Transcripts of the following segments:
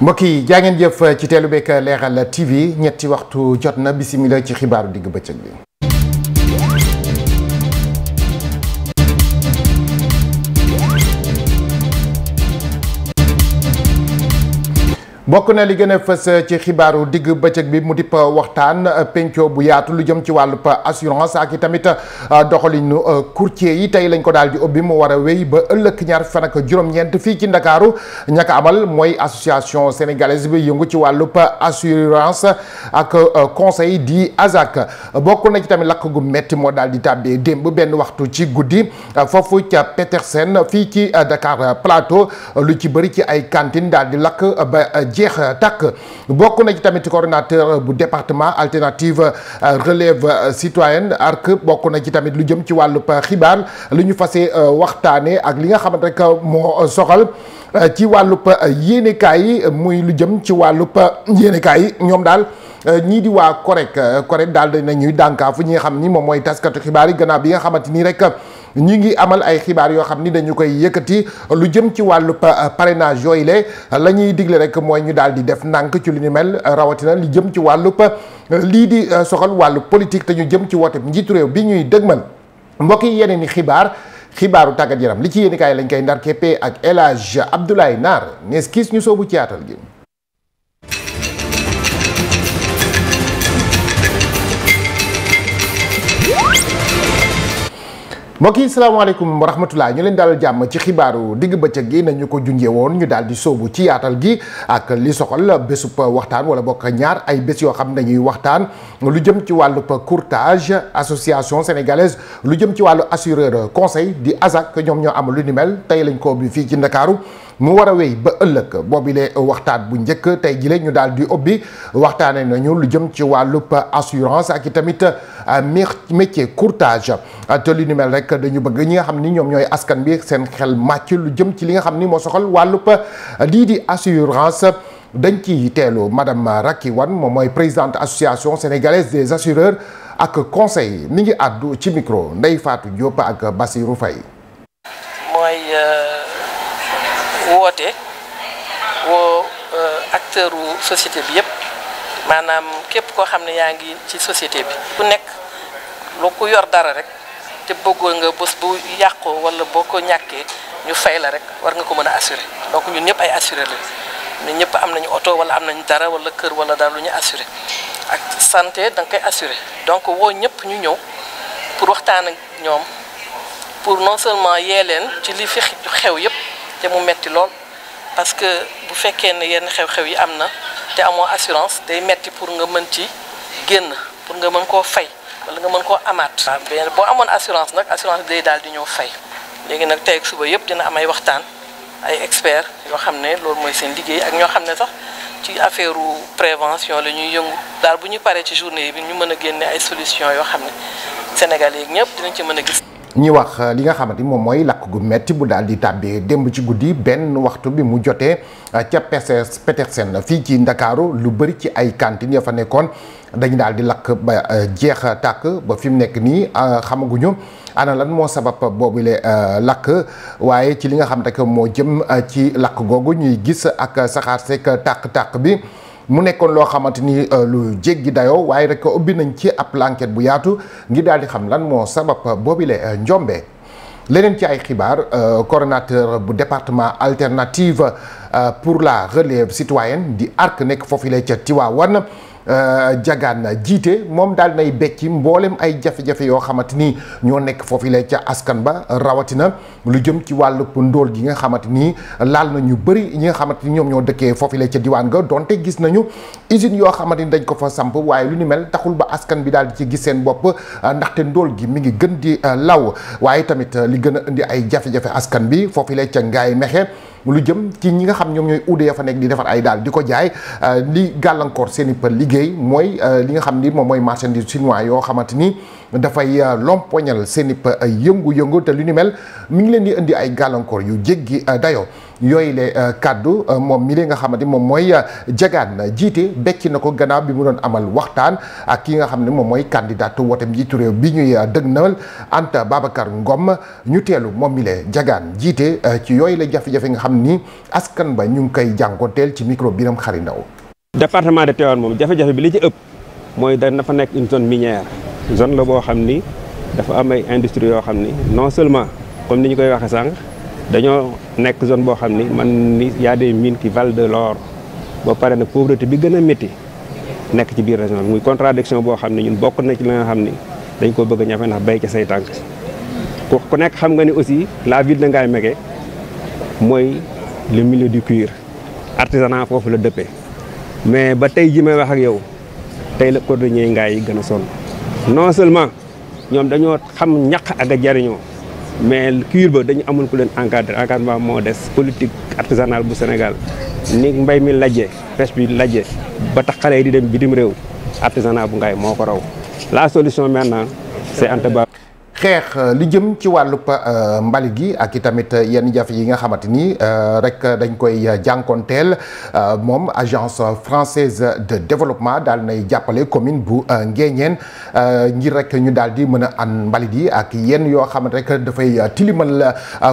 mbokk yi jaa ngeen jëf ci teelu beeg Leral TV ñetti waxtu jot na bisimila ci xibaaru diggu bëccëg bi. bokk na li gën a fës eh, ci xibaaru digg bëccëg bi mu dipp waxtaan eh, penco bu yaatu lu jëm ci wàllub assurance ak i tamit eh, doxalinu courtier yi tey lañ ko daal di ubbi mu war a wéy ba ëllëg ñaar fan ak fii ci ndakaaru ñaka amal mooy association sénégalaise bi yëngu ci wàllu wàllub assurance ak conseil di ASAC bokk na ci tamit lakk gu metti moo daal di tàbbee démb benn waxtu ci guddi foofu ca Petersen fii ci Dakar Plateau lu ci bëri ci ay kantine daal di lakk ba jeex euh, takk bokk na ci tamit coordonnateur euh, bu département alternative euh, relève citoyenne ARC bokk na ci tamit lu jëm ci wàllub xibaar lu ñu fase waxtaane ak li nga xamante rek moo soxal ci wàllub yéenekaay yi muy lu jëm ci wàllub yéenekaay yi ñoom daal ñii di waa CORED CORED daal dañ na ñuy dànkaafu ñi nga xam ni moom mooy taskatu xibaar yi gannaaw bi nga xamante nii rek ñi ngi amal ay xibaar yoo xam ni dañu koy yëkkati lu jëm ci wàllu euh, parrainage yooyu la la ñuy digle rek mooy ñu daal di def nànk ci lu ni mel rawatina lu jëm ci wàllu pa euh, lii di euh, soxal wàllu politique te ñu jëm ci woote njiitu réew bi ñuy dëgmal mbokk yi yeneen i xibaar xibaaru tàggat yaram li ci yéenekaay lañ koy ndar keppe ak El Hadj Abdoulaye Nar nees kiis ñu soobu ci yaatal gi mbokk yi salaamaaleykum wa rahmatullah ñu leen dalal jàmm ci xibaaru digg bëccëg gi nañu ko junjee woon ñu daal di sóobu ci yaatal gi ak li soxal bésu pa waxtaan wala bokk ñaar ay bés yoo xam dañuy waxtaan lu jëm ci wàllub courtage association sénégalaise lu jëm ci wàllu assureur conseil di ASAC ñoom ñoo am lu ni mel tey lañ ko bi fii ci Ndakaaru mu war a wéy ba ëllëg boobile waxtaan bu njëkk tey jile ñu daal di ubbi waxtaanee nañu lu jëm ci wàllu wàllub assurance ak i tamit euh, métier courtage te li ni mel rek dañu bëgg ñi nga xam ni ñoom ñooy askan bi seen xel màcc lu jëm ci li nga xam ni moo soxal wàllub euh, lii di assurance. dañ ci teelu madame Racky wan moom mooy présidente association sénégalaise des assureurs ak conseil mi ngi àddu ci micro Ndeye faatu Diop ak Bassirou Faye woote woo euh, acteur wu société bi yëpp maanaam képp koo xam ne yaa ngi ci société bi ku nekk loo ku yor dara rek te bëggoon nga bës bu yàqoo wala boo ko ñàkkee ñu fay la rek war nga ko mën a assurer donc ñun ñëpp ay assuré la ñëpp am nañu oto wala am nañu dara wala kër wala daal lu ñu assuré ak santé da nga koy assuré donc woo ñëpp ñu ñëw pour waxtaan ak ñoom pour non seulement yee leen ci li fi xew yëpp te mu metti lool parce que bu fekkee ne yenn xew-xew yi am na te amoo assurance day metti pour nga mën ci génn pour nga mën koo fay wala nga mën koo amaat. waaw ah, boo amoon assurance nag assurance bi day daal di ñëw fay léegi nag tey ak suba yëpp dina am ay waxtaan ay experts yoo xam ne loolu mooy seen liggéey ak ñoo xam ne sax ci affaire prévention la ñuy yëngu daal bu ñu paree ci journée bi ñu mën a génne ay solution yoo xam ne Sénégal yeeg ñëpp dinañ ci mën a gis. ñi wax euh, li nga xamante ni moom mooy lakk gu metti bu daal di tàbbi démb ci guddi benn waxtu bi mu jotee euh, ca PCS Petersen fii ci Ndakaaru lu bëri ci ay cantine ya fa nekkoon dañ daal di lakk ba euh, jeex tàkk ba fi mu nekk nii xamaguñu ana lan moo sabab boobule lakk waaye ci li nga xam rek moo jëm ci lakk googu ñuy gis ak saxaar seeg tàkk-tàkk bi. mu nekkoon loo xamante ni euh, lu jéggi dayoo waaye rek ubbi nañ ci ab enquête bu yaatu ngir daal di xam lan moo sabab boobile euh, njombe leneen ci ay xibaar euh, coordonnateur bu département alternative pour la relève citoyenne di ARC nekk foofu la ca Tivaouane jagaan euh, na jiite moom daal nay becci mboolem ay jafe-jafe yoo xamante ni ñoo nekk foofu la ca askan ba rawatina lu jëm ci wàllu ndóol gi nga xamante ni laal na ñu bëri ñi nga xamante ni ñoom ñoo dëkkee foofu la ca diwaan ga donte gis nañu usines yoo xamante ni dañ ko fa samp waaye lu ni mel taxul ba askan bi daal di ci gis seen bopp ndaxte ndool gi mi ngi gën di euh, law waaye tamit euh, li gën a indi ay jafe-jafe askan bi foofu la ca ngaay mexe lu jëm ci ñi nga xam ñoom ñooy uude ya fa nekk di defar ay daal di ko jaay euh, li gàllankoor seen i pël liggéey mooy euh, li nga xam ni moom mooy marchandise chinois yoo xamante ni dafay euh, lompoñal seen i yëngu-yëngu te lu ni mel mi ngi leen di indi ay gàllankoor yu jéggi dayoo yooyu le euh, kàddu euh, moom mi li nga xamante moom mooy jagaan euh, jiite bekki na ko gannaaw bi mu doon amal waxtaan ak ki nga xam ne moom mooy candidat wotem njiitu réew bi ñuy dëgnal Anta Babacar Ngom ñu teelu moom mi le jagaan jiite ci yooyu la jafe-jafe nga xam ni askan ba ñu ngi koy jànkoonteel ci micro biram xari ndaw département de Tivaouane moom jafe bi li ci ëpp mooy da dafa nekk une zone minière zone la boo xam ni dafa am ay industrie yoo xam ni non seulement comme ni ñu koy waxee sànq dañoo nekk zone boo xam ni man ni y a des mines qui valent de l'or ba pare nag pauvreté bi gën a métti nekk ci biir région bi muy contradiction boo xam ne ñun bokk na ci la nga xam ni dañ koo bëgg a ñafe ndax bay ca say tànk ku nekk xam nga ni aussi la ville de Ngaye mooy le milieu du cuir artisanat foofu la dëppee mais ba tey ji may wax ak yow tey la cordonnier Ngaye yi gën a son non seulement ñoom dañoo xam ñaq ak a jariñoo mais CUR ba dañu amul ku leen encadré encadrement moo des politique artisanale bu Sénégal ni mbay mi lajjee pêche bi lajjee ba tax xale yi di dem bitim réew artisanat bu ngaay moo ko raw la solution maintenant c'est Anta Ba xeex euh, li jëm ci wàllu wàllub euh, mbali gi ak i tamit euh, yenn jafe yi nga xamante ni rek dañ koy jànkonteel moom agence française de développement daal nay jàppale commune bu Nguéniène ngir rek ñu daal di mën a an mbalit yi ak yenn yoo xamante rek dafay tilimal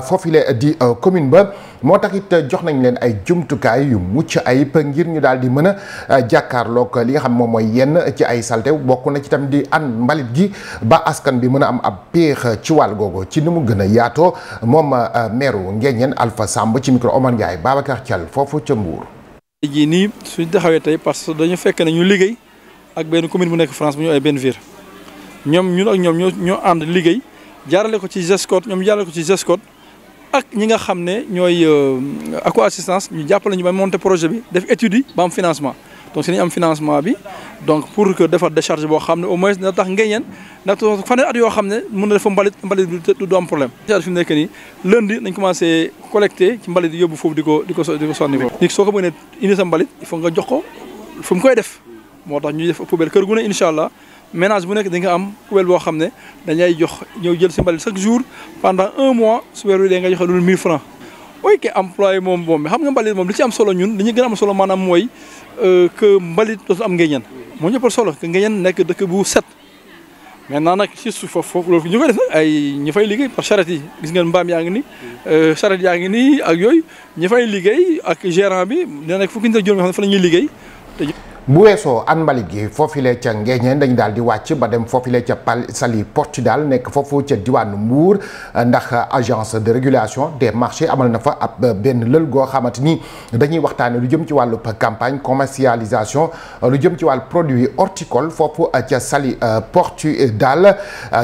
foofile di commune ba moo tax it eh, jox nañ leen ay jumtukaay yu mucc ay ayib ngir ñu daal di mën a eh, jàkkaarloog li nga xam moom mooy yenn ci ay salte bokk na ci tam di an mbalit gi ba askan bi mën a am ab péex ci wàll googu ci ni mu gën a yaatoo moom eh, meeru Nguéniène Alpha Samb ci micro Omar Ndiaye Babacar cal foofu ca Mbour. jii nii suñ taxawee tey parce que dañu fekk ne ñu liggéey ak benn commune bu nekk France bu ñu ay benn ville ñoom ñu ak ñoom ñoo ñoo ànd liggéey jaarale ko ci GESCOT ñoom jaarale ko ci GESCOT. ak ñi nga xam ne ñooy euh, Aqua assistance ñu jàppale ñu ba monter projet bi def étude ba am financement donc si nañu am financement bi donc pour que defar décharge boo xam ne au moins na tax ngeen na fanweeri at yoo xam ne mën na dafa mbalit mbalit du am problème. décharge fi mu nekk nii lundi nañ commencé collecté ci mbalit yóbbu foofu di ko di ko di ko sonni foofu. soo ko mënee indi sa mbalit il nga jox ko fu mu koy def moo tax ñu def poubelle kër gu ne incha allah. ménage bu nekk di nga am poubelle boo xam ne dañ lay jox ñëw jël si mbalit chaque jour pendant un mois su weer wi dee nga joxe lu dul 1000 francs ooy ke employé moom moom xam nga mbalit moom li ci am solo ñun dañuy ñu gën am solo maanaam mooy euh, que mbalit dootul am ngéñeen moo ñëppa solo que ngéñeen nekk dëkk bu set maintenant nag ci suuf foofu foofu loolu ñu koy ay ñi fay liggéey par charrette yi gis ngeen mbaam yaa ngi ni euh, charrette yaa ngi nii ak yooyu ñi fay liggéey ak gérant bi nee nag fukki nit ak juróom la ñuy liggéey bu weesoo an mbalit gi foofile ca Ngeeñeen dañ daal di wàcc ba dem foofu foofile ca pal Saly Portudal nekk foofu ca diwaanu Mbuur ndax agence de régulation des marchés amal na fa ab benn lël goo xamante ni dañuy waxtaane lu jëm ci wàllu campagne commercialisation lu jëm ci wàll produit horticole foofu ca Saly euh, Portudal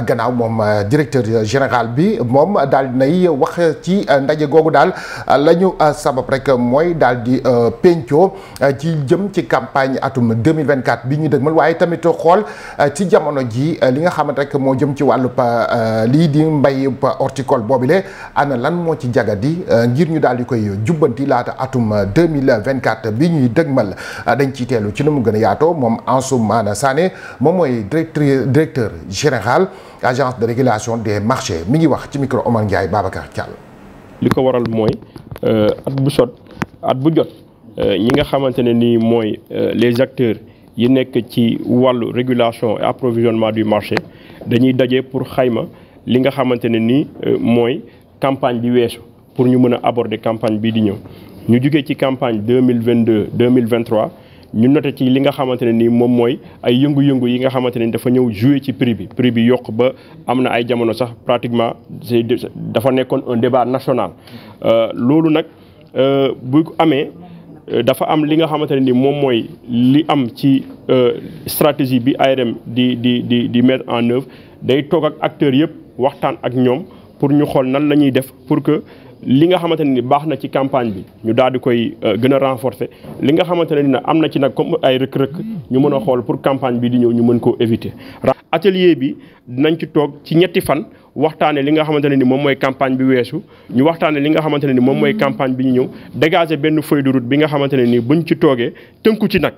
gannaaw moom euh, directeur général bi moom daal dinay wax ci euh, ndaje googu daal la ñu sabab rek mooy daal di péncoo ci jëm ci campagne atum 2024 bi ñu dëgmal waaye tamit xool euh, ci jamono ji euh, li nga xamante rek moo jëm ci wàllu pa euh, lii di mbay pa horticole boobile ana lan moo ci jagadi ngir ñu daal di koy jubbanti laata atum 2024 bi ñuy dëgmal dañ ciy teelu ci nu mu gën a yaatoo moom Ansoumana Sané moom mooy directeur directeur général agence de régulation des marché mi ngi wax ci micro Omar Ndiaye Babacar Thial. li ko waral mooy at bu sot at bu jot. ñi euh, nga xamante ne nii mooy euh, les acteurs yi nekk ci wàllu régulation et du marché dañuy daje pour xayma li nga xamante ne nii euh, mooy campagne bi weesu pour ñu mën a aborder campagne bii di ñëw ñu jugee ci campagne 2022 2023 ñu noté ci li nga xamante ne nii moom mooy ay yëngu-yëngu yi nga xamante ne dafa ñëw jouer ci prix bi prix bi yokk ba am na ay jamono sax pratiquement dafa nekkoon un débat national loolu nag bu amee Euh, dafa am li nga xamante ne ni moom mooy li am ci euh, stratégie bi ARM di di di di mettre en œuvre day toog ak acteurs yëpp waxtaan ak ñoom pour ñu xool nan la ñuy def pour que li nga xamante ne ni baax na ci campagne bi ñu daal koy euh, gën a renforcer li nga xamante ne ni nag am na ci nag comme ay rëkk-rëkk ñu mën a xool pour campagne bi di ñëw ñu mën koo éviter. atelier bi dinañ ci toog ci ñetti fan. waxtaane li nga xamante ne ni moom mooy campagne bi weesu ñu waxtaane li nga xamante ne ni moom mooy campagne bi ñu ñëw dégager benn feuille bi nga xamante ne ni ñu ci toogee tënku ci nag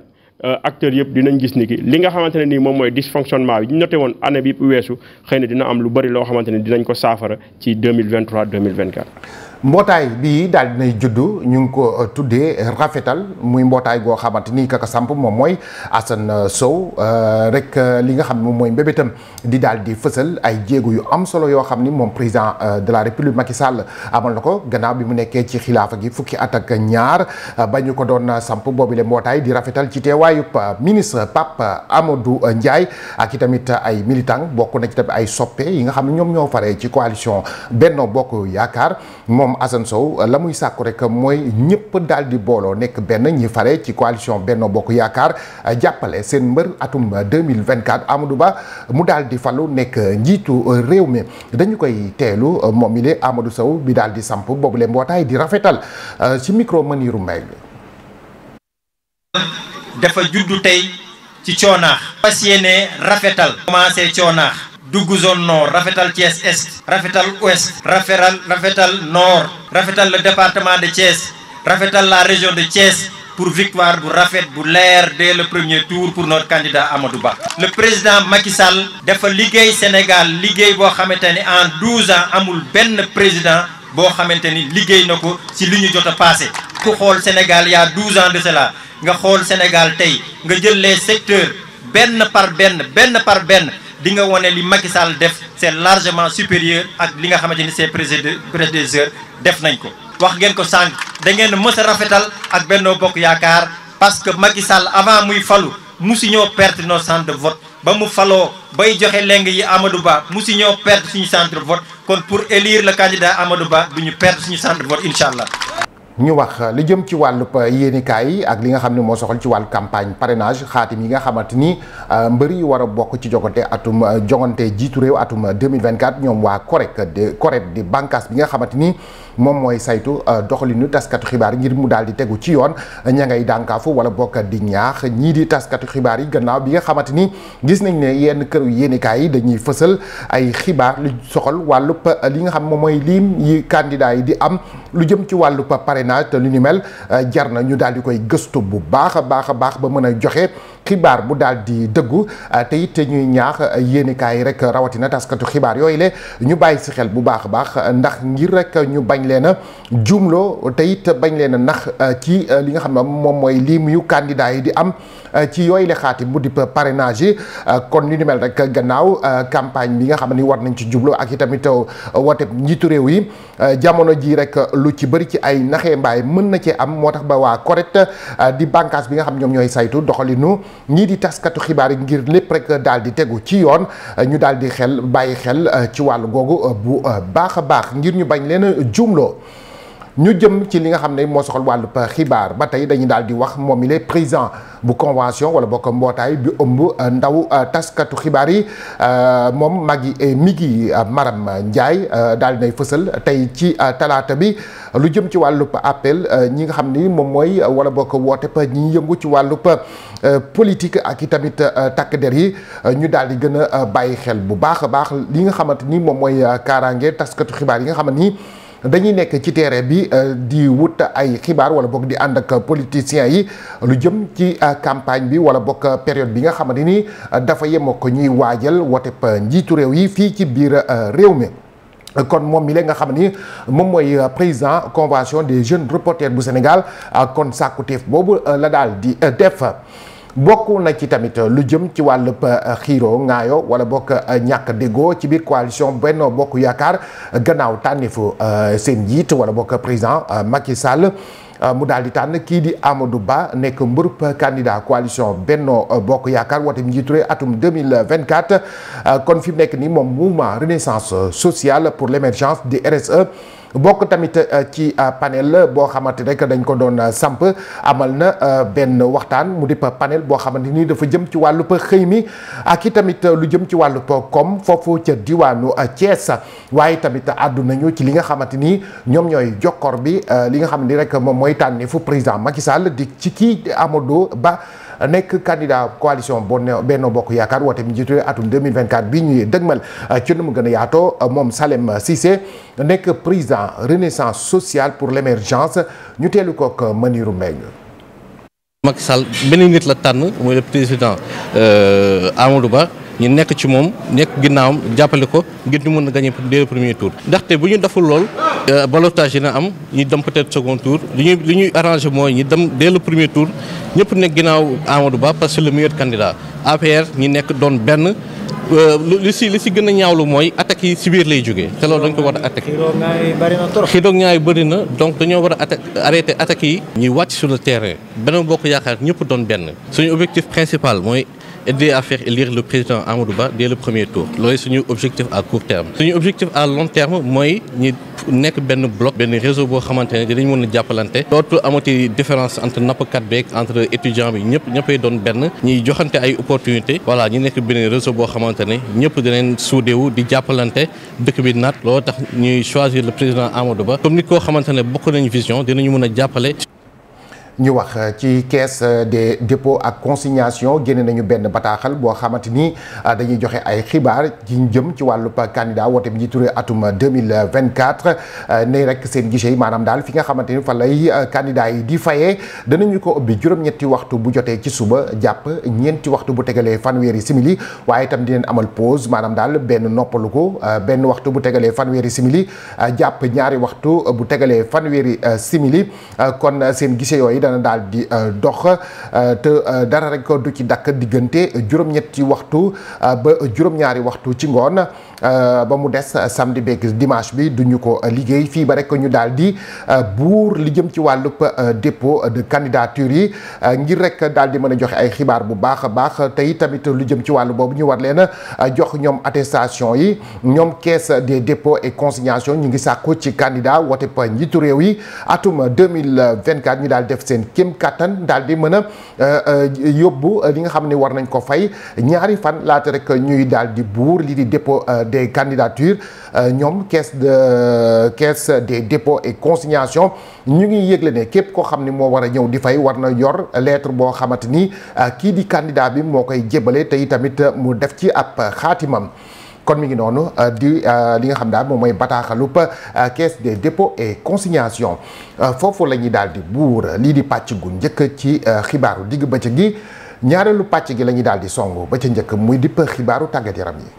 euh, acteurs yëpp dinañ gis ni ki li nga xamante ne nii moom mooy dysfonctionnement bi ñu noté woon année bi weesu xëy na dina am lu bari loo xamante ne dinañ ko saafara ci deux 2023 2024 mbootaay bii daal dinay juddu ñu ngi ko euh, tuddee rafetal muy mbootaay goo xamante ni kaka samp moom mooy Assane euh, Sow euh, rek li nga xam moom mooy mbébétam di daal di fësal ay jéego yu am solo yoo xam ni moom président de la république Macky Sall amal na ko gannaaw bi mu nekkee ci xilaafa gi fukki at ñaar ba ñu ko doon samp boobile mbootaay di rafetal ci teewaayu ministre Pape Amadou Ndiaye ak itamit ay militant bokk na ci tamit ay soppe yi nga xam ne ñoom ñoo faree ci coalition Benno Bokk Yaakaar moom moom Assane Sow la muy sàkku rek mooy ñëpp daal di booloo nekk benn ñi fare ci coalition Benno Bokk Yaakaar jàppale seen mbër atum 2024 Amadou Ba mu daal di falu nekk njiitu réew mi dañu koy teelu moom ile Amadou Sow bi daal di samp boobule mbootaay di rafetal ci micro Maniru Mbay dafa juddu dugg zone nord rafetal Thiès est rafetal ouest rafetal rafetal nord rafetal le département de Thiès rafetal la région de Thiès pour victoire bu rafet bu leer dès le premier tour pour notre candidat Amadou Ba. le président Macky Sall dafa liggéey Sénégal liggéey boo xamante ni en 12 ans amul benn président boo xamante ni liggéey na ko ci li ñu jot a passé ku xool Sénégal y a de sela nga xool Sénégal tey nga jël les secteurs benn par benn benn par benn. di nga wane li Macky Sall def seen largement supérieur ak li nga xamante ni ses prédécesseurs def nañ ko. wax ngeen ko sànq da ngeen mës a rafetal ak Benno Bokk Yaakaar parce que Macky Sall avant muy falu musu ñoo perte nos centres de vote ba mu faloo bay joxe leng yi Amadou Ba musu ñoo perte suñu centre de vote kon pour élire le candidat Amadou Ba du ñu perte suñu centre de vote incha allah. ñu wax li jëm ci wàllub yéenikaay yi ak li nga xam ne moo soxal ci wàllu campagne parrainage xaatim yi nga xamante ni euh, mbër yi war a bokk ci jogante atum euh, jogante jiitu réew atum 2024 euh, ñoom waa CORED de di bànqaas bi nga xamante ni moom mooy saytu doxalinu taskatu xibaar yi ngir mu daal di tegu ci yoon ña ngay dànkaafu wala bokk di ñaax ñii di taskatu xibaar yi gannaaw bi nga xamante ni gis nañ ne yenn këru yéenikaay yi dañuy fësal ay xibaar lu soxal wàllub li nga xam moom mooy lim yi candidat yi di am lu jëm ci wàllu pare parrainage te lu ni mel euh, jar na ñu daal di koy gëstu bu baax a baax a baax ba mën a joxe xibaar bu daal di dëggu euh, te it ñuy ñaax yéenekaay yi rek rawatina taskatu xibaar yooyu le ñu bàyyi si xel bu baax a baax ndax ngir rek ñu bañ leen a juumloo te it bañ leen ndax nax euh, ci euh, li nga xam ne moom mooy lii muyu candidat yi di am ci yooyu le xaati bu di parrainage kon li ni mel rek gannaaw campagne bi nga xam ni war nañ ci jublu ak itamit wote njiitu réew yi jamono ji rek lu ci bëri ci ay naxee mbaay mën na ci am moo tax ba waa correct di bànqaas bi nga xam ñoom ñooy saytu doxalinu ñii di taskatu xibaar yi ngir lépp rek daal di tegu ci yoon ñu daal di xel bàyyi xel ci wàllu googu bu baax a baax ngir ñu bañ leen a juumloo ñu jëm ci li nga xam ne moo soxal wàllu xibaar ba tey dañu daal di wax moom il est président bu convention wala bokk mbootaay bi ëmb euh, ndaw euh, taskatu xibaar yi euh, moom Maggy Miggy Maram Ndiaye daal di nay fësal tey ci talaata bi lu jëm ci wàllub appel ñi nga xam ni moom mooy wala bokk woote pa ñi yëngu ci wàllu wàllub politique ak i tamit takk der yi ñu daal di gën a bàyyi xel bu baax a baax li nga xamante ni moom mooy kaaraange taskatu xibaar yi nga xamante nii dañuy nekk ci terrain bi euh, di wut ay xibaar wala bokk di ànd ak politiciens yi lu jëm ci euh, campagne bi wala bokk euh, période bi nga xamante ni dafa yemoo ko ñuy waajal woteb njiitu réew yi fii ci biir réew mi. kon moom mi la nga xam ni moom mooy président convention des jeunes reporters bu Sénégal kon sàkkuteef boobu la daal di def. bokk na ci tamit lu jëm ci wàllub euh, xiiro ngaayo wala bokk euh, ñàkk déggoo ci biir coalition Benno Bokk Yaakaar gannaaw tànnifu euh, seen njiit wala bokk président Macky Sall mu daal di tànn kii di Amadou Ba nekk mbërub candidat coalition Benno Bokk Yaakaar woote njiitu réew atum 2024 kon fi mu nekk nii moom mouvement renaissance sociale pour l'émergence du RSE bokk tamit euh, ci euh, panel boo xamante rek dañ ko doon euh, samp amal na benn waxtaan mu di panel boo xamante ni dafa jëm ci wàllu xëy mi ak i tamit lu jëm ci wàllu koom foofu ca diwaanu a Thiès waaye tamit àddu ñu ci li nga xamante ni ñoom ñooy jokkoor bi li nga xam ni rek moom mooy tànneefu président Macky Sall di ci kii Amadou Ba. nekk candidat coalition Benno Bokk Yaakaar woote mi jiitu atum 2024 bi ñuy dëgmal euh, ci nu mu gën a yaatoo euh, moom Salem Cissé nekk président renaissance sociale pour l'émergence ñu teelu ko kook euh, Maniru Mbengue Macky sal beneen nit la tànn mooy le président Amadou Ba ñu nekk ci moom nekk ginnaawam jàppale ko ngir ñu mën na gagné dès le premier tour. ndaxte bu ñu deful lool euh, ballottage na am ñu dem peut-être second tour li ñuy li ñuy arrangé mooy ñu dem dès le premier tour ñëpp nekk ginnaaw Amadou Ba parce que le meilleur candidat APR ñi nekk doon benn. Euh, li si li si gën a ñaawlu mooy attaques yi si biir lay jógee te loolu dañ ko war a attaqué xiidoog ñaay bëri na donc dañoo war a attaque arrêté attaques yi ñuy wàcc sur le terrain benn bokk yaakaar ñëpp doon benn suñu objectif principal mooy aider à faire élire le président Amadou Ba dès le premier tour loolu suñu objectif à court terme suñu objectif à long terme mooy ñi nekk benn bloc benn réseau boo xamante ne dinañ mën a jàppalante dootul amati différence entre nappkat beeg entre étudiant bi ñëpp ñëppay doon benn ñuy joxante ay opportunité voilà ñu nekk benn réseau boo xamante ne ñëpp dinañ suudewu di jàppalante dëkk bi naat loolu tax ñuy choisir le président Amadou Ba comme nit koo xamante ne bokk nañ vision dinañu mën a jàppale ñu wax euh, ci caisse euh, de dépôts ak consignation génne nañu benn bataaxal boo xamante ni euh, dañuy joxe ay xibaar ci ñu jëm ci wàllub candidat woote bi ñu turee atum 2024 ne rek seen guichet yi maanaam daal fi nga xamante ni fa lay candidat yi di fayee ñu ko ubbi juróom-ñetti waxtu bu jotee ci suba jàpp ñeenti waxtu bu tegalee fanweeri simili waaye itam dineen amal pose maanaam daal benn noppalu ko benn waxtu bu tegalee fanweeri simili jàpp ñaari waxtu bu tegalee fanweeri simili kon seen guichet yooyu dana daal di euh, dox euh, te euh, dara rek du ci dakk diggante juróom-ñetti waxtu ba juróom-ñaari waxtu ci ngoon ba mu des samedi beeg dimanche bi duñu ko liggéey fii ba rek ñu daal di buur li jëm ci wàllub dépôt de candidature yi ngir rek daal di mën a joxe ay xibaar bu baax a baax tey tamit lu jëm ci wàllu boobu ñu war leen a jox ñoom attestation yi ñoom caisse de dépôts et consignations ñu ngi sàkku ci candidat woote njiitu réew yi atum 2024 ñu daal def seen seen kéem kattan daal di mën a euh, euh, yóbbu euh, li nga xam ne war nañ ko fay ñaari fan laata rek ñuy daal di buur li di dépôt des candidatures ñoom caisse de caisse de dépôts et consignation ñu ngi yëgle ne képp koo xam ni moo war a ñëw di fay war na yor lettre boo xamante ni kii di candidat bi moo koy jébale te tamit mu def ci ab xaatimam kon mi ngi noonu euh, di euh, li nga xam daal moom mooy bataaxalub euh, caisse des dépôts et consignations foofu la ñuy daal di buur lii di pàcc gu njëkk ci xibaaru digg bëccëg gi ñaareelu pàcc gi la ñuy daal di song ba ca njëkk muy dipp xibaaru tàggat yaram yi.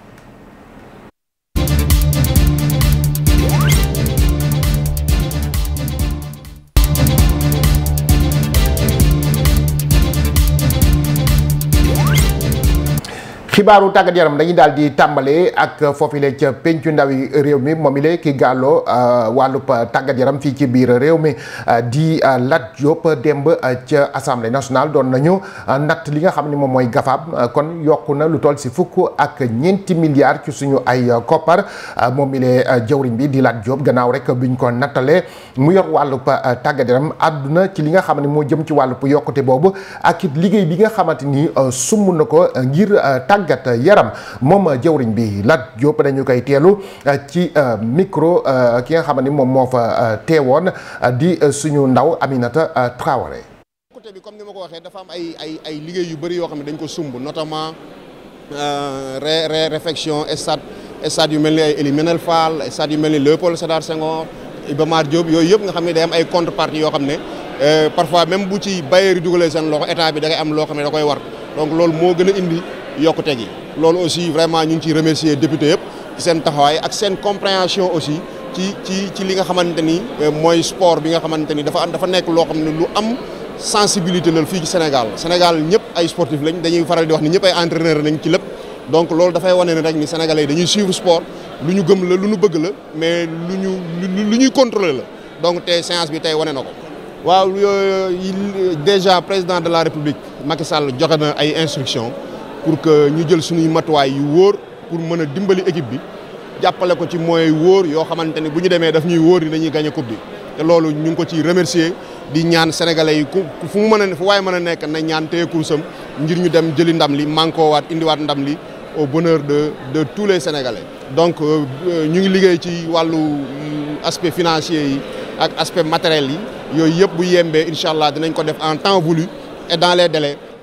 xibaaru tàggat yaram dañuy daal di tàmbalee ak foofile ca pencu ndawi réew mi moom i ki gàlloo euh, wàllub tàggat yaram fii ci biir réew mi euh, di euh, Lat Diop demb ca assemblée nationale doon nañu natt li nga xam ne moom mooy gafaab kon yokku na lu toll si fukk ak ñeenti milliards ci suñu ay koppar moom i jawriñ bi di Lat Diop gannaaw rek biñ ko nattalee mu yor wàllub tàggat yaram àdduna ci li nga xam ne moo jëm ci wàllub yokkute boobu ak it liggéey bi nga xamante ni sumb ko ngir tàggat yaram moom jëwriñ bi Lat Diop dañu koy teelu euh, ci euh, micro euh, ki nga xam ne moom moo fa teewoon di suñu ndaw Aminata Traoré. côté bi comme ni ma ko waxee dafa am ay ay ay liggéey yu bëri yoo xam ne dañ ko sumb notamment ré ré réfection stade stade yu mel ni ay Ely Manel Fall stade yu mel ni Léopold Sédar Senghor Iba Mar Diop yooyu yëpp nga xam ne day am ay contrepartie yoo xam ne parfois même bu ci bailleurs yi dugalee seen loxo état bi da ngay am loo xam ne da koy war donc loolu moo gën a indi. yokkute gi loolu aussi vraiment ñu ngi ciy remercier député yëpp ci seen taxawaay ak seen compréhension aussi ci ci ci li nga xamante ni euh, mooy sport bi nga xamante ni dafa dafa nekk loo xam ne lu am sensibilité la fii ci Sénégal Sénégal ñëpp ay sportif lañ dañuy faral di wax ni ñëpp ay entraîneur lañ ci lépp donc loolu dafay wane ne rek ni sénégalais dañuy suivre sport lu ñu gëm la lu ñu bëgg la mais lu ñu lu ñuy contrôler la donc te séance bi tey wane na ko. waaw euh, déjà président de la république Macky Sall joxe na ay instructions. pour que ñu jël suñuy matuwaay yi wóor pour mën a dimbali équipe bi jàppale ko ci moyens yu wóor yoo xamante ne bu ñu demee daf ñuy wóor ni dañuy gagné coupe bi te loolu ñu ngi ko ciy remercier di ñaan sénégalais yi fu mu mën a fu waaye mën a nekk na ñaan téye kursam ngir ñu dem jëli ndam li mànkoowaat indiwaat ndam li au bonheur de de tous les sénégalais. donc euh, ñu ngi liggéey ci wàllu mm, aspect financier yi ak aspect matériel yi yooyu yëpp bu yembee incha allah dinañ ko def en temps voulu et dans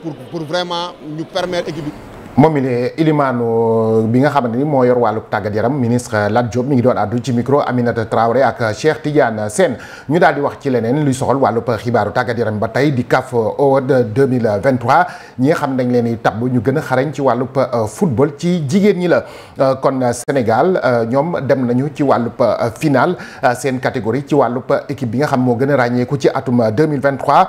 pour pour vraiment ñu permettre équipe bi moom mi ne ilimaanu bi nga xamante ni moo yor wàllu tàggat yaram ministre Lat Diop mi ngi doon àddu ci micro Aminata Traoré ak Cheikh Tidiane seen ñu daal di wax ci leneen luy soxal wàllu xibaaru tàggat yaram ba tey di CAF Award 2023 ñi nga xam dañ leen di tabb ñu gën a xarañ ci wàllu euh, football ci jigéen ñi la euh, kon Sénégal euh, ñoom dem nañu ci wàllu final seen catégorie ci wàllu équipe bi nga xam moo gën a ràññeeku ci atum 2023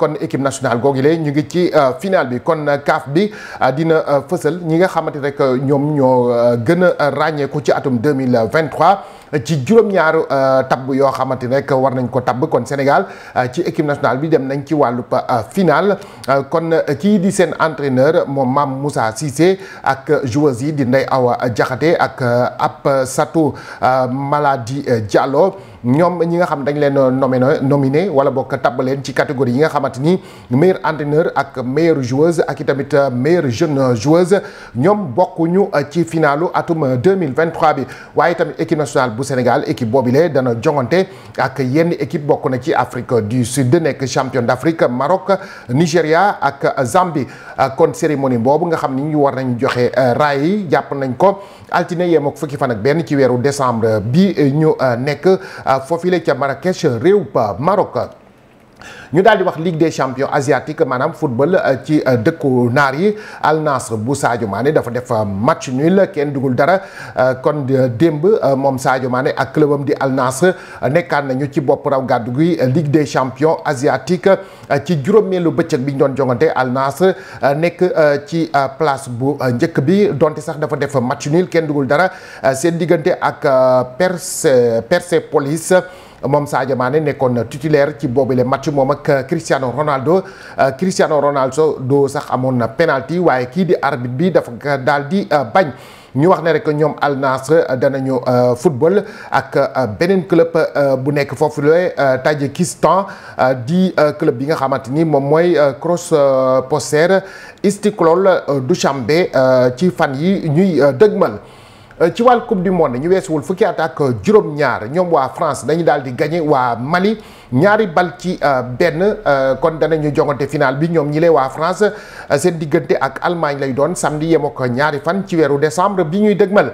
kon équipe nationale googu ñu ngi ci final bi kon CAF bi dina. fësal ñi nga xamante rek ñoom ñoo euh, gën a euh, ràññeeku ci atum 2023 ci juróom-ñaaru euh, tabb yoo xamante ne rek war nañ ko tabb kon Sénégal euh, ci équipe nationale bi dem nañ ci wàllu euh, finale kon kii di seen entraîneur moom maam Moussa Cissé ak joueurs yi di Ndeye Awa jaxate ak ab Satou Maladi Diallo ñoom ñi nga xam dañ leen nommé nominé wala bokk tabb leen ci catégorie yi nga xamante ni meilleur entraîneur ak maire joueuse ak i tamit meilleure jeune joueuse ñoom bokkuñu ci finalu atum 2023 bi waaye tamit équipe nationale bu Sénégal équipe boobile dana jongante ak yenn équipe bokk na ci Afrique du Sud nekk champion d'Afrique Maroc Nigéria ak Zambie kon cérémonie boobu nga xam ni ñu war nañu joxe euh, raay yi jàpp nañ ko altine yeem ak fukki fan ak benn ci weeru décembre bi ñu euh, nekk euh, foofile ca Marrakech réew pa Maroc ñu daal di wax Ligue des champions asiatique maanaam football euh, ci euh, dëkku naar yi Al bu Sadio Mané dafa def euh, match nul kenn dugul dara kon démb moom Sadio Mané ak clubam di Al Nassr nekkaan nañu ci bopp raw gàddu gi Ligue des champions asiatique ci juróomeelu bëccëg bi ñu doon jongante Al Nassr nekk ci place bu njëkk bi donte sax dafa def match nul kenn dugul dara seen diggante ak Perse Persepolis moom Sadio Mané nekkoon na titulaire ci boobule match moom ak euh, Cristiano Ronaldo euh, Cristiano Ronaldo doo sax amoon na penalty waaye kii di arbitre bi dafa daal di euh, bañ. ñu wax ne rek ñoom Al Nassr danañu football ak beneen club bu nekk foofu la Tadjikistan di club bi nga xamante ni moom mooy Krosposer Istiklol Dushanbe ci fan yi ñuy dëgmal. Euh, ci wàllu coupe du monde ñu weesuwul fukki at ak juróom-ñaar ñoom waa France dañu daal di gagné waa Mali ñaari bal ci euh, benn euh, kon danañu jongante final bi ñoom ñi lay waa France seen diggante ak Allemagne lay doon samedi yem ak ñaari fan ci weeru décembre bi ñuy dëgmal.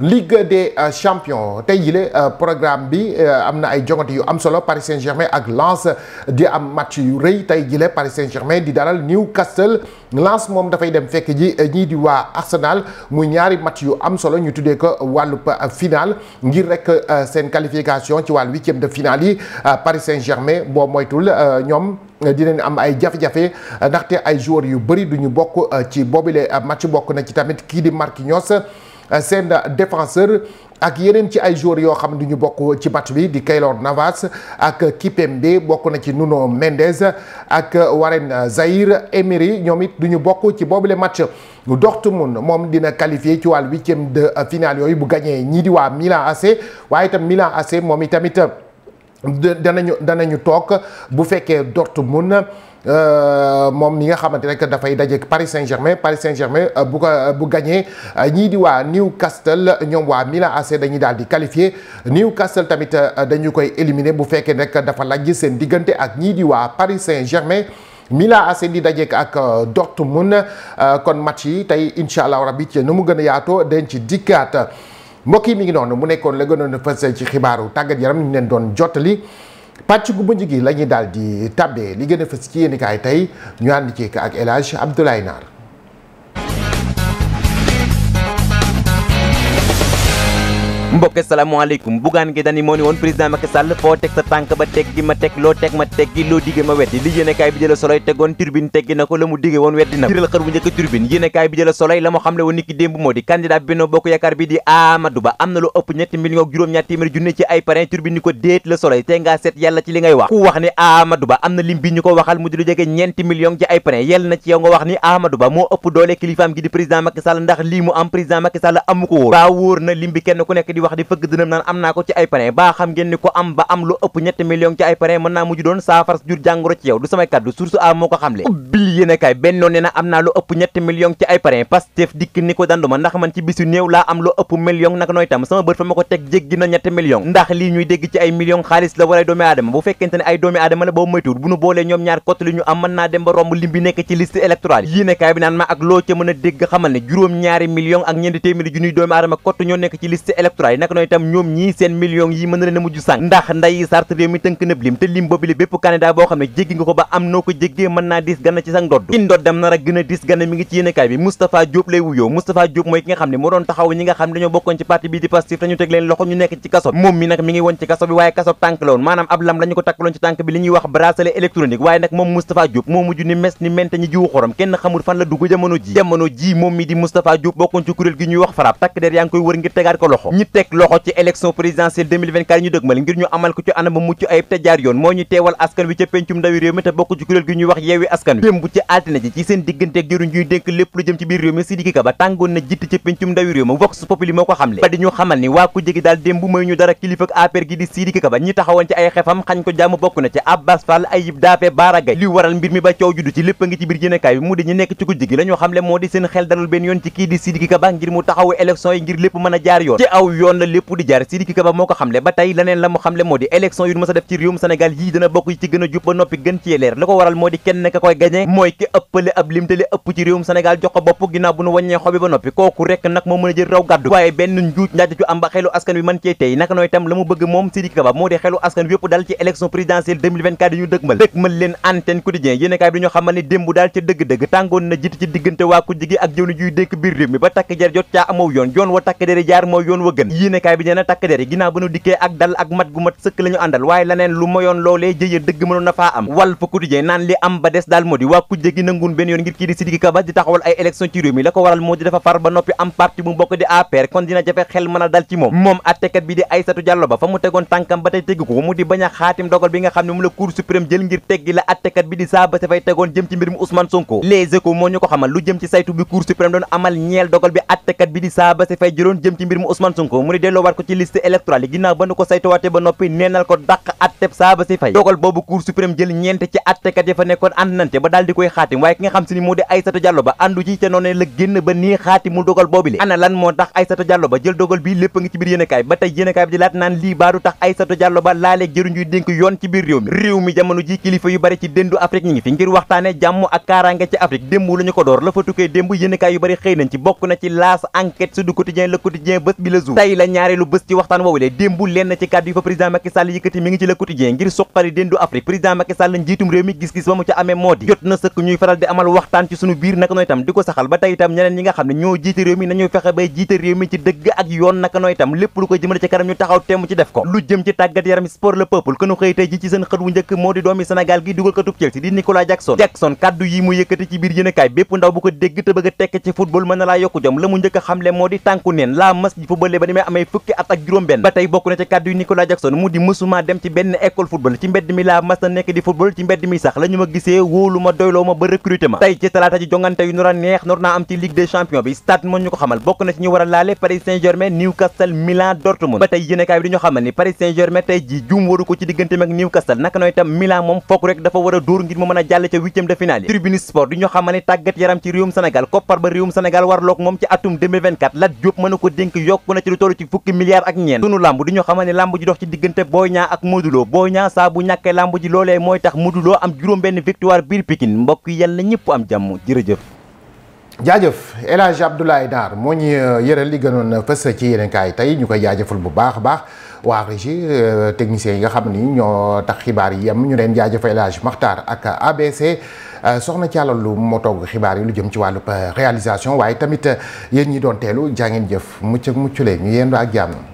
Ligue de euh, champion tey jile euh, programme bi euh, am na ay jongante yu am solo Paris Saint-Germain ak lance di am match yu rëy tey jile Paris Saint-Germain di dalal Newcastle lance moom dafay dem fekk ji ñii di waa Arsenal muy ñaari match yu am solo ñu tuddee ko wàllu final ngir rek seen qualification ci wàllu huitième de finale yi Paris Saint-Germain boo moytul ñoom dinañ am ay jafe-jafe ndaxte ay joueurs yu bëri du ñu bokk ci boobile match bokk na ci tamit kii di Marquinhos Euh, seen défenseur ak yeneen ci ay joueurs yoo xam ne ñu bokk ci match bi di Keylor Navas ak Kipembe bokk na ci Nuno Mendes ak Warren Zaïre Emery ñoom it duñu bokk ci boobule match Dortmund moom dina qualifié ci wàll huitième de finale yooyu bu gañee ñii di waa Milan AC waaye itam Milan AC moom itamit euh, danañu danañu toog bu fekkee Dortmund Euh, moom mi nga xamante rek dafay daje Paris Saint-Germain Paris Saint-Germain euh, bu ko euh, bu gagné ñii di waa Newcastle ñoom waa Milan AC dañuy daal di qualifié Newcastle tamit dañu koy éliminer bu fekkee rek dafa lajj seen diggante ak ñii di waa Paris Saint-Germain. Milan AC di dajeek ak Dortmund kon match yi tey incha allah rabi ci nu mu gën a yaatoo dañ ci dikkaat mbokk mi ngi noonu mu nekkoon la gënoon a ci xibaaru tàggat yaram ñu leen doon jottali. pàcc gu mujj gi la ñuy daal di tàbbee li gën a fës ci yéenekaay tey ñu ànd ci ak El Hadj Abdoulaye Nar mbokk salaamaaleykum Bougane Gueye Dany moo ni woon président Macky foo teg sa tànk ba teg gi ma teg loo teg ma teg loo digge ma weddi li yéenekaay bi jëla soloy tegoon turbine teggi na ko la mu digge woon weddi na jiral xër bu njëkk turbine yéenekaay bi jëla soloy la mu xam le woon niki démb moo di candidat bi Benno Bokk Yaakaar bi di Amadou Ba am na lu ëpp ñetti million juróom-ñaar téeméeri ci ay parrain turbine ni ko déet la soloy wax di fëgg dënam naan am naa ko ci ay parrain baa xam ngeen ni ko am ba am lu ëpp ñetti million ci ay parrain mën naa mujj doon saafara jur jàngoro ci yow du samay kàddu source a moo ko xamle ubbil yéen a kaay bennoo nee na am naa lu ëpp ñetti million ci ay parrain Pastef dikk ni ko danduma ndax man ci bisu néew laa am lu ëpp million nag nooy tam sama bët fa ma ko teg jéggi na ñetti million ndax lii ñuy dégg ci ay million xaalis la wala ay doomi waaye naka noonu ñoom ñii seen yi mën na leen a mujj sànq ndax nday sart réew tënk nëb lim te lim boobu li bépp candidat boo xam ne jéggi nga ko ba am noo ko jéggee mën naa dis ganna ci sa ndodd ki ndoddam nar a gën a dis ganna mi ngi ci yéenekaay bi Moustapha Diop lay wuyoo Moustapha Diop mooy ki nga xam ne moo doon taxaw ñi nga xam ne dañoo bokkoon ci parti bi di Pastef dañu teg leen loxo ñu nekk ci kaso moom mi nag mi ngi woon ci kaso bi waaye teg loxo ci élection présidentielle 2024 ñu ngir ñu amal ko ci anam mucc ayib te jaar yoon moo ñu teewal askan wi ca pencum ndawi réew mi te bokk ci kuréel gi ñuy wax yeewi askan wi démb ci altine ji ci seen diggante ak jëru ñuy lépp lu jëm ci biir réew mi Sidiki Kaba tàngoon na jitt ca pencum ndawi réew mi vox populi moo ko xamle ba di ñu xamal ni waa ku jégi daal démb may ñu dara kilifa ak gi di Sidiki Kaba ñi taxawoon ci ay xefam bokk a bi mu di ñu nekk ci ku jégi la ñu xamle moo di seen xel dalul benn yoon la lépp di jaar Sidiki Kaba moo ko xamle ba tey leneen la mu xamle moo di élection yu ñu mës a def ci réewum Sénégal yii dina bokk yi ci gën a jub ba noppi gën ci leer la ko waral moo di kenn ka koy gañe mooy ki ëppale ab limtali ëpp ci réewum Sénégal jox ko bopp ginnaaw bu ñu wàññee xobi ba noppi kooku rek nag moo mën a jël raw gàddu waaye benn njuuj njaaj ju am ba xelu askan wi mën cee tey naka nooy tam la mu bëgg moom Sidiki Kaba moo di xelu askan wi yëpp dal ci élection présidentielle 2024 yi ñu dëgmal dëgmal leen antenne quotidien yéen kaay bi ñu xamal ni démb daal ca dëgg-dëgg tàngoon na jiitu ci diggante waa ku jigi ak jëwni juy dénk biir réew mi ba takk jar jot caa amaw yoon yoon wa takk dere jaar mooy yoon wa gën yéenekaay bi nee na takk der yi ginnaaw ba nu dikkee ak dal ak mat gu mat sëkk la ñu àndal waaye leneen lu mayoon loolee jëye dëgg mënoon na faa am wal fa quotidien naan li am ba des daal moo di waa kujje gi nanguun benn yoon ngir kii di Sidiki di taxawal ay élection ci réew mi la ko waral moo di dafa far ba noppi am parti bu bokk di APR kon dina jafe xel mën a dal ci moom moom attekat bi di Aïssatou Diallo ba fa mu tegoon tànkam ba tey tegg ko a xaatim dogal ne mu la Cour suprême jël ngir teggi la attekat bi di saa ba sa bi Cour suprême doon amal ñeel dogal bi attekat bi di mu ni delloowaat ko ci liste électorale yi ginnaaw ba nu ko saytuwaatee ba noppi neenal ko dàq atteb saaba si fay dogal boobu cour suprême jël ñeent ci attekat ya fa nekkoon ànd nante ba daal di koy xaatim waaye ki nga xam si ni moo di Aïssata Diallo ba àndu ci ca noonu la génn ba nii xaatimul dogal boobu li ana lan moo tax Aïssata Diallo ba jël dogal bii lépp a ngi ci biir yéenekaay ba tey yéenekaay bi di laat naan lii baadu ci biir réew mi jamono ji kilifa yu bari ci déndu Afrique ñi ngi fi ngir waxtaane jàmm ak kaaraange ci Afrique yu bari xëy nañ ci bokk na ci laas enquête su du quotidien le quotidien bés bi tey la ñaareelu bés ci waxtaan woowu le lenn ci kàddu yi fa président Macky Sall yëkkati mi ngi ci le quotidien ngir suqali déndu Afrique président Macky Sall njiitum réew mi gis-gis ba mu ca amee moo di jot na sëkk ñuy faral di amal waxtaan ci sunu biir naka nooy tam di ko saxal ba tey itam ñeneen ñi nga xam ne ñoo jiite réew mi nañuy fexe bay jiite réew mi ci dëgg ak yoon naka nooy tam lépp lu koy jëmale ci kanam ñu taxaw temm ci def ko lu jëm ci tàggat am amee fukki at ak juróom benn ba tey bokk na ci kàddu yu Nicolas Jackson mu di mësuma dem ci benn école football ci mbedd mi laa mas na nekk di football ci mbedd mi sax la ma gisee wóolu ma doyloo ma ba recruté ma tey ci talaata ji jongante yu nar a neex nar naa am ci Ligue des champions bi stade moo ñu ko xamal bokk na ci ñu war a laale Paris Saint-Germain Newcastle Milan Dortmund ba tey yéenekaay bi di ñu xamal ni Paris Saint-Germain tey ji juum waru ko ci digganteem ak Newcastle naka nooy itam Milan moom fokk rek dafa a dóor ngir mu mën a jàll ca de finale yi Tribune Sport di ñu xamal ni tàggat yaram ci réewum Sénégal koppar ba atum 2024 Lat Diop mën ko dénk yokk na ci toll ci fukki milliards ak ñeent sunu làmb di ñu xamal ne làmb ji dox ci diggante Boy Niang ak Modou Lo Boy Niang saa bu ñàkkee làmb ji loolee mooy tax Modou am juróom benn victoire biir Pikine mbokk yi yàlla ñëpp am jàmm jërëjëf jaajëf El Hadj Abdoulaye Dar moo ñu euh, yëral di gënoon fës ci yeneen kaay tey ñu koy jaajëfal bu baax baax waa régie euh, techniciens yi nga xam ni ñoo tax xibaar yi yem ñu leen jaajëfal El Hadj Makhtar ak ABC euh, soxna ci àlal lu moo togg xibaar yi lu jëm ci wàllu euh, réalisation waaye tamit yéen ñi doon teelu jaa jëf mucc ak mucc leen ñu yendu ak jàmm